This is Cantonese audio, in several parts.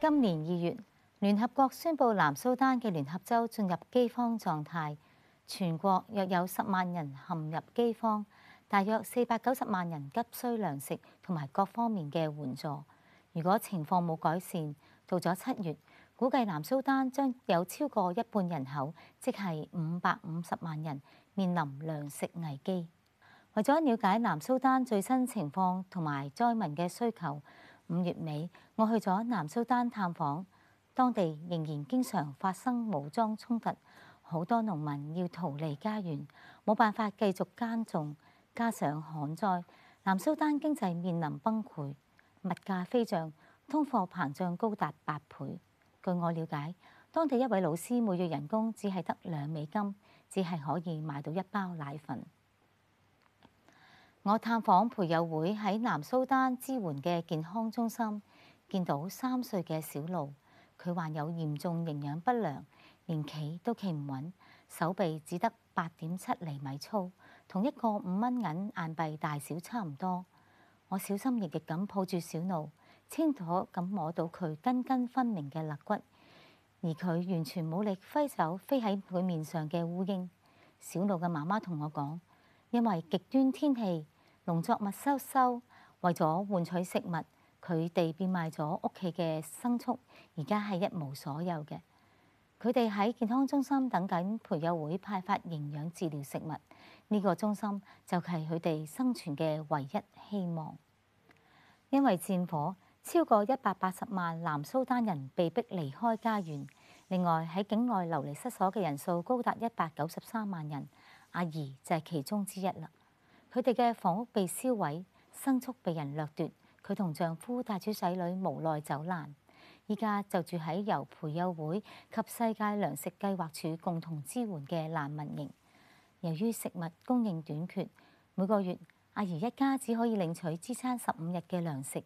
今年二月，聯合國宣布南蘇丹嘅聯合州進入饑荒狀態，全國約有十萬人陷入饑荒，大約四百九十萬人急需糧食同埋各方面嘅援助。如果情況冇改善，到咗七月，估計南蘇丹將有超過一半人口，即係五百五十萬人，面臨糧食危機。為咗了，了解南蘇丹最新情況同埋災民嘅需求。五月尾，我去咗南蘇丹探訪，當地仍然經常發生武裝衝突，好多農民要逃離家園，冇辦法繼續耕種，加上旱災，南蘇丹經濟面臨崩潰，物價飛漲，通貨膨脹高達八倍。據我了解，當地一位老師每月人工只係得兩美金，只係可以買到一包奶粉。我探訪培幼會喺南蘇丹支援嘅健康中心，見到三歲嘅小露，佢患有嚴重營養不良，連企都企唔穩，手臂只得八點七厘米粗，同一個五蚊銀硬幣大小差唔多。我小心翼翼咁抱住小露，清楚咁摸到佢根根分明嘅肋骨，而佢完全冇力揮手飛喺佢面上嘅烏蠅。小露嘅媽媽同我講。因為極端天氣，農作物收收，為咗換取食物，佢哋變賣咗屋企嘅牲畜，而家係一無所有嘅。佢哋喺健康中心等緊培幼會派發營養治療食物，呢個中心就係佢哋生存嘅唯一希望。因為戰火，超過一百八十萬南蘇丹人被逼離開家園，另外喺境內流離失所嘅人數高達一百九十三萬人。阿姨就係其中之一啦。佢哋嘅房屋被燒毀，牲畜被人掠奪，佢同丈夫帶住仔女無奈走難。依家就住喺由培幼會及世界糧食計劃署共同支援嘅難民營。由於食物供應短缺，每個月阿姨一家只可以領取支撐十五日嘅糧食，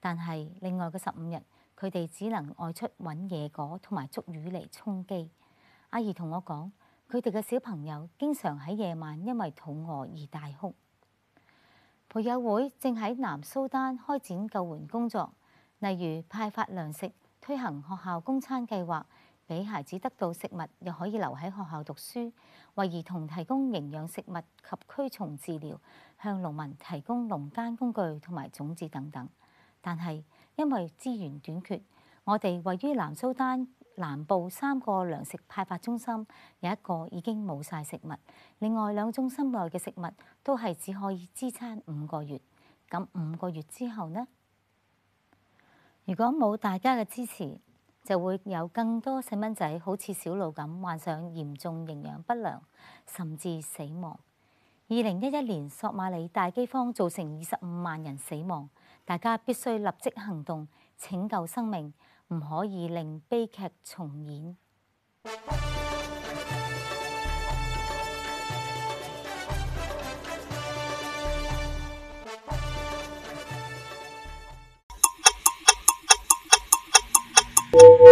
但係另外嘅十五日，佢哋只能外出揾野果同埋捉魚嚟充飢。阿姨同我講。佢哋嘅小朋友經常喺夜晚因為肚餓而大哭。培幼會正喺南蘇丹開展救援工作，例如派發糧食、推行學校供餐計劃，俾孩子得到食物又可以留喺學校讀書；為兒童提供營養食物及驅蟲治療；向農民提供農耕工具同埋種子等等。但係因為資源短缺，我哋位於南蘇丹南部三個糧食派發中心有一個已經冇晒食物，另外兩中心內嘅食物都係只可以支撐五個月。咁五個月之後呢？如果冇大家嘅支持，就會有更多細蚊仔好似小路咁患上嚴重營養不良，甚至死亡。二零一一年索馬里大饑荒造成二十五萬人死亡，大家必須立即行動，拯救生命。唔可以令悲劇重演。